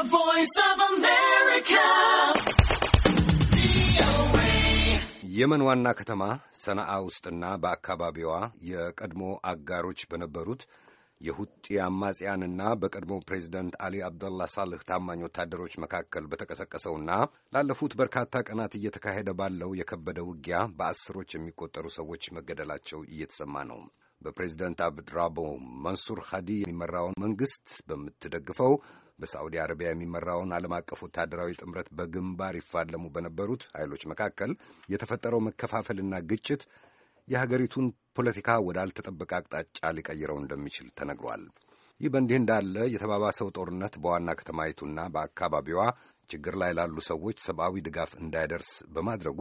The Voice of America. የመን ዋና ከተማ ሰነአ ውስጥና በአካባቢዋ የቀድሞ አጋሮች በነበሩት የሁጢ አማጽያንና በቀድሞ ፕሬዚደንት አሊ አብደላ ሳልህ ታማኝ ወታደሮች መካከል በተቀሰቀሰውና ላለፉት በርካታ ቀናት እየተካሄደ ባለው የከበደ ውጊያ በአስሮች የሚቆጠሩ ሰዎች መገደላቸው እየተሰማ ነው። በፕሬዚደንት አብድራቦ መንሱር ሀዲ የሚመራውን መንግስት በምትደግፈው በሳዑዲ አረቢያ የሚመራውን ዓለም አቀፍ ወታደራዊ ጥምረት በግንባር ይፋለሙ በነበሩት ኃይሎች መካከል የተፈጠረው መከፋፈልና ግጭት የሀገሪቱን ፖለቲካ ወዳልተጠበቀ አቅጣጫ ሊቀይረው እንደሚችል ተነግሯል። ይህ በእንዲህ እንዳለ የተባባሰው ጦርነት በዋና ከተማይቱና በአካባቢዋ ችግር ላይ ላሉ ሰዎች ሰብአዊ ድጋፍ እንዳይደርስ በማድረጉ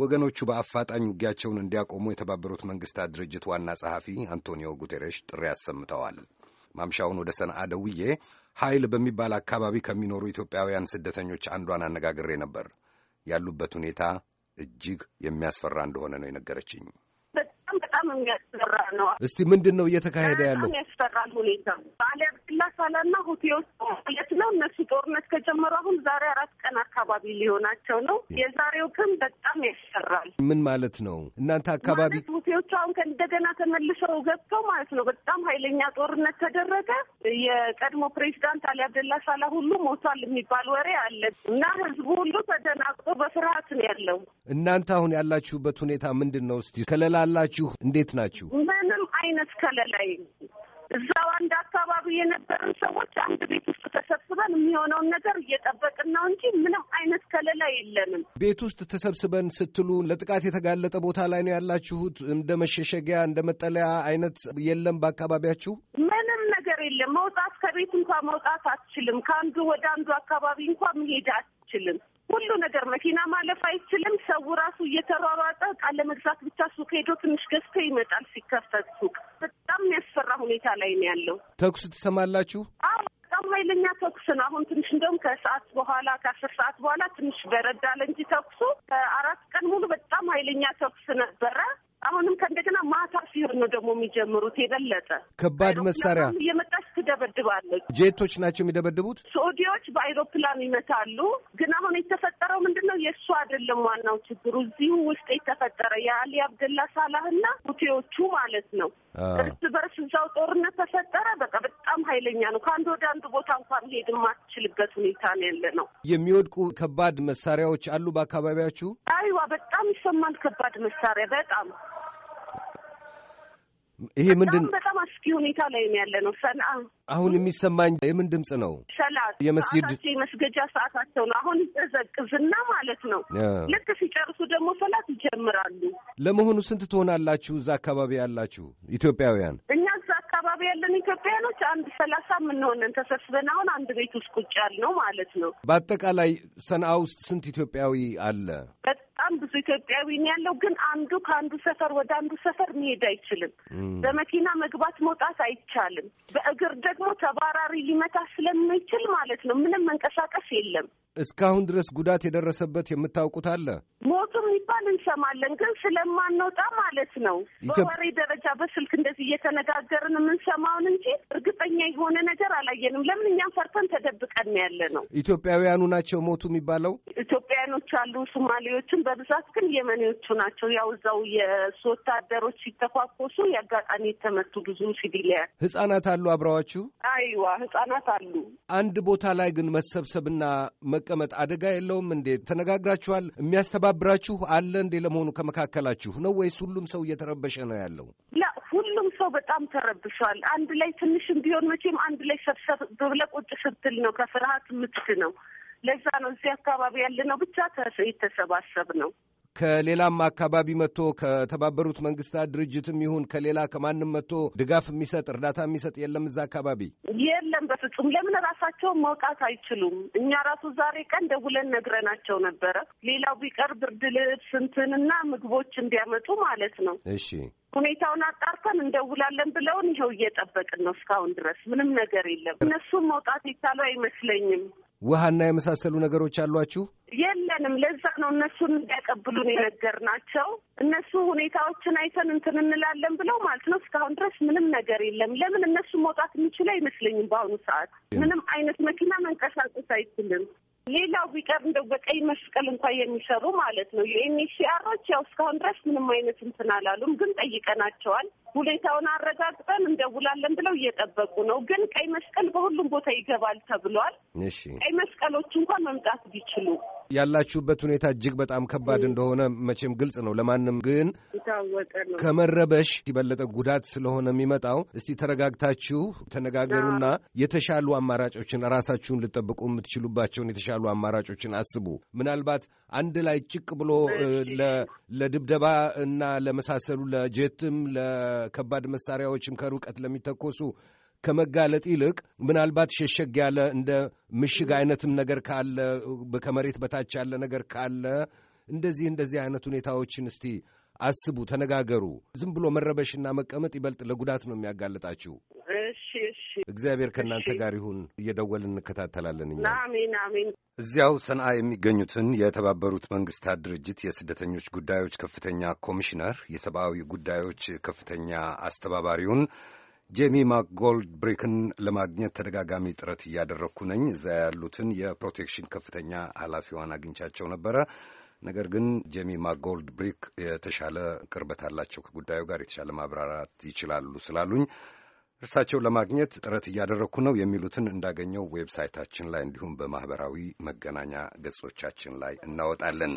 ወገኖቹ በአፋጣኝ ውጊያቸውን እንዲያቆሙ የተባበሩት መንግስታት ድርጅት ዋና ጸሐፊ አንቶኒዮ ጉቴሬሽ ጥሪ አሰምተዋል። ማምሻውን ወደ ሰንዓ ደውዬ ኃይል በሚባል አካባቢ ከሚኖሩ ኢትዮጵያውያን ስደተኞች አንዷን አነጋግሬ ነበር። ያሉበት ሁኔታ እጅግ የሚያስፈራ እንደሆነ ነው የነገረችኝ። በጣም የሚያስፈራ ነው። እስቲ ምንድን ነው እየተካሄደ ያለው? ያስፈራል ሁኔታ አሊያብላ ሳላና ሁቴዎች ማለት ነው። እነሱ ጦርነት ከጀመሩ አሁን ዛሬ አራት ቀን አካባቢ ሊሆናቸው ነው። የዛሬው ቀን በጣም ያስፈራል። ምን ማለት ነው? እናንተ አካባቢ ሁቴዎቹ አሁን እንደገና ተመልሰው ገብተው ማለት ነው። በጣም ኃይለኛ ጦርነት ተደረገ። የቀድሞ ፕሬዚዳንት አሊ አብደላ ሳላ ሁሉ ሞቷል የሚባል ወሬ አለ እና ህዝቡ ሁሉ ተደናግጦ በፍርሃት ነው ያለው። እናንተ አሁን ያላችሁበት ሁኔታ ምንድን ነው? እስቲ ከለላላችሁ እንዴት ናችሁ? ምንም አይነት ከለላይ እዛው አንድ አካባቢ የነበርን ሰዎች አንድ ቤት ውስጥ ተሰብስበን የሚሆነውን ነገር እየጠበቅን ነው እንጂ ምንም አይነት ከለላ የለንም። ቤት ውስጥ ተሰብስበን ስትሉ ለጥቃት የተጋለጠ ቦታ ላይ ነው ያላችሁት? እንደ መሸሸጊያ እንደ መጠለያ አይነት የለም በአካባቢያችሁ? ምንም ነገር የለም። መውጣት ከቤት እንኳ መውጣት አትችልም። ከአንዱ ወደ አንዱ አካባቢ እንኳ መሄድ አትችልም። ሁሉ ነገር መኪና ማለፍ አይችልም። ሰው ራሱ እየተሯሯጠ ዕቃ ለመግዛት ብቻ ሱቅ ሄዶ ትንሽ ገዝቶ ይመጣል። ሲከፈት ሱቅ በጣም የሚያስፈራ ሁኔታ ላይ ነው ያለው። ተኩሱ ትሰማላችሁ? አዎ በጣም ኃይለኛ ተኩስ ነው። አሁን ትንሽ እንደውም ከሰዓት በኋላ ከአስር ሰዓት በኋላ ትንሽ በረዳል እንጂ ተኩሱ ከአራት ቀን ሙሉ በጣም ኃይለኛ ተኩስ ነበረ። አሁንም ከእንደገና ማታ ሲሆን ነው ደግሞ የሚጀምሩት። የበለጠ ከባድ መሳሪያ እየመጣች ትደበድባለች። ጄቶች ናቸው የሚደበድቡት። አይሮፕላን ይመታሉ። ግን አሁን የተፈጠረው ምንድን ነው? የእሱ አይደለም ዋናው ችግሩ። እዚሁ ውስጥ የተፈጠረ የአሊ አብደላ ሳላህ እና ሁቴዎቹ ማለት ነው። እርስ በርስ እዛው ጦርነት ተፈጠረ። በቃ በጣም ኃይለኛ ነው። ከአንድ ወደ አንድ ቦታ እንኳን መሄድ የማትችልበት ሁኔታ ነው ያለ ነው። የሚወድቁ ከባድ መሳሪያዎች አሉ በአካባቢያችሁ? አይዋ በጣም ይሰማል። ከባድ መሳሪያ በጣም ይሄ ምንድን በጣም አስኪ ሁኔታ ላይ ያለ ነው። ሰላ አሁን የሚሰማኝ የምን ድምፅ ነው? ሰላ የመስጊድ የመስገጃ ሰዓታቸው ነው። አሁን ዘቅዝና ማለት ነው። ልክ ሲጨርሱ ደግሞ ሰላት ይጀምራሉ። ለመሆኑ ስንት ትሆናላችሁ እዛ አካባቢ ያላችሁ ኢትዮጵያውያን? እኛ እዛ አካባቢ ያለን ኢትዮጵያውያኖች አንድ ሰላሳ የምንሆነን ተሰብስበን አሁን አንድ ቤት ውስጥ ቁጭ ነው ማለት ነው። በአጠቃላይ ሰንአ ውስጥ ስንት ኢትዮጵያዊ አለ? በጣም ብዙ ኢትዮጵያዊ ያለው ግን አንዱ ከአንዱ ሰፈር ወደ አንዱ ሰፈር መሄድ አይችልም። በመኪና መግባት መውጣት አይቻልም። በእግር ደግሞ ተባራሪ ሊመታ ስለማይችል ማለት ነው ምንም መንቀሳቀስ የለም። እስካሁን ድረስ ጉዳት የደረሰበት የምታውቁት አለ? ሞቱ የሚባል እንሰማለን፣ ግን ስለማንወጣ ማለት ነው በወሬ ደረጃ በስልክ እንደዚህ እየተነጋገርን የምንሰማውን እንጂ እርግጠኛ የሆነ ነገር አላየንም። ለምን እኛም ፈርተን ተደብቀን ያለ ነው። ኢትዮጵያውያኑ ናቸው ሞቱ የሚባለው ኢትዮጵያኖች አሉ፣ ሶማሌዎችን በብዛት ግን የመኔዎቹ ናቸው። ያው እዛው የእሱ ወታደሮች ሲተኳኮሱ የአጋጣሚ የተመቱ ብዙ ሲቪሊያን ህጻናት አሉ አብረዋችሁ? አይዋ ህጻናት አሉ። አንድ ቦታ ላይ ግን መሰብሰብና መቀመጥ አደጋ የለውም እንዴ? ተነጋግራችኋል? የሚያስተባብራችሁ አለ እንዴ? ለመሆኑ ከመካከላችሁ ነው ወይስ ሁሉም ሰው እየተረበሸ ነው ያለው? ሁሉም ሰው በጣም ተረብሿል። አንድ ላይ ትንሽም ቢሆን መቼም አንድ ላይ ሰብሰብ ብለህ ቁጭ ስትል ነው ከፍርሃት ምትድ ነው ለዛ ነው እዚህ አካባቢ ያለነው ብቻ የተሰባሰብ ነው። ከሌላም አካባቢ መጥቶ ከተባበሩት መንግስታት ድርጅትም ይሁን ከሌላ ከማንም መጥቶ ድጋፍ የሚሰጥ እርዳታ የሚሰጥ የለም። እዛ አካባቢ የለም፣ በፍጹም ለምን ራሳቸውን መውጣት አይችሉም? እኛ ራሱ ዛሬ ቀን ደውለን ነግረናቸው ነበረ። ሌላው ቢቀር ብርድ ልብስ ስንትንና ምግቦች እንዲያመጡ ማለት ነው። እሺ ሁኔታውን አጣርተን እንደውላለን ብለውን ይኸው እየጠበቅን ነው። እስካሁን ድረስ ምንም ነገር የለም። እነሱም መውጣት የቻሉ አይመስለኝም። ውሃና የመሳሰሉ ነገሮች አሏችሁ? የለንም። ለዛ ነው እነሱን እንዲያቀብሉን የነገርናቸው። እነሱ ሁኔታዎችን አይተን እንትን እንላለን ብለው ማለት ነው። እስካሁን ድረስ ምንም ነገር የለም። ለምን እነሱ መውጣት የሚችል አይመስለኝም። በአሁኑ ሰዓት ምንም አይነት መኪና መንቀሳቀስ አይችልም። ሌላው ቢቀር እንደው በቀይ መስቀል እንኳን የሚሰሩ ማለት ነው የኤንኤችሲአሮች ያው እስካሁን ድረስ ምንም አይነት እንትን አላሉም፣ ግን ጠይቀናቸዋል። ሁኔታውን አረጋግጠን እንደውላለን ብለው እየጠበቁ ነው። ግን ቀይ መስቀል በሁሉም ቦታ ይገባል ተብሏል። እሺ ቀይ መስቀሎች እንኳን መምጣት ቢችሉ ያላችሁበት ሁኔታ እጅግ በጣም ከባድ እንደሆነ መቼም ግልጽ ነው ለማንም። ግን ከመረበሽ የበለጠ ጉዳት ስለሆነ የሚመጣው እስቲ ተረጋግታችሁ ተነጋገሩና የተሻሉ አማራጮችን ራሳችሁን ልጠብቁ የምትችሉባቸውን የተሻሉ አማራጮችን አስቡ። ምናልባት አንድ ላይ ጭቅ ብሎ ለድብደባ እና ለመሳሰሉ ለጀትም ከባድ መሳሪያዎችም ከሩቀት ለሚተኮሱ ከመጋለጥ ይልቅ ምናልባት ሸሸግ ያለ እንደ ምሽግ አይነትም ነገር ካለ ከመሬት በታች ያለ ነገር ካለ እንደዚህ እንደዚህ አይነት ሁኔታዎችን እስቲ አስቡ፣ ተነጋገሩ። ዝም ብሎ መረበሽና መቀመጥ ይበልጥ ለጉዳት ነው የሚያጋልጣችሁ። እግዚአብሔር ከእናንተ ጋር ይሁን። እየደወልን እንከታተላለን። እኛ አሜን አሜን። እዚያው ሰንዓ የሚገኙትን የተባበሩት መንግስታት ድርጅት የስደተኞች ጉዳዮች ከፍተኛ ኮሚሽነር የሰብአዊ ጉዳዮች ከፍተኛ አስተባባሪውን ጄሚማ ጎልድብሪክን ለማግኘት ተደጋጋሚ ጥረት እያደረግኩ ነኝ። እዚያ ያሉትን የፕሮቴክሽን ከፍተኛ ኃላፊዋን አግኝቻቸው ነበረ። ነገር ግን ጄሚማ ጎልድብሪክ የተሻለ ቅርበት አላቸው ከጉዳዩ ጋር የተሻለ ማብራራት ይችላሉ ስላሉኝ እርሳቸው ለማግኘት ጥረት እያደረግኩ ነው የሚሉትን እንዳገኘው ዌብሳይታችን ላይ እንዲሁም በማኅበራዊ መገናኛ ገጾቻችን ላይ እናወጣለን።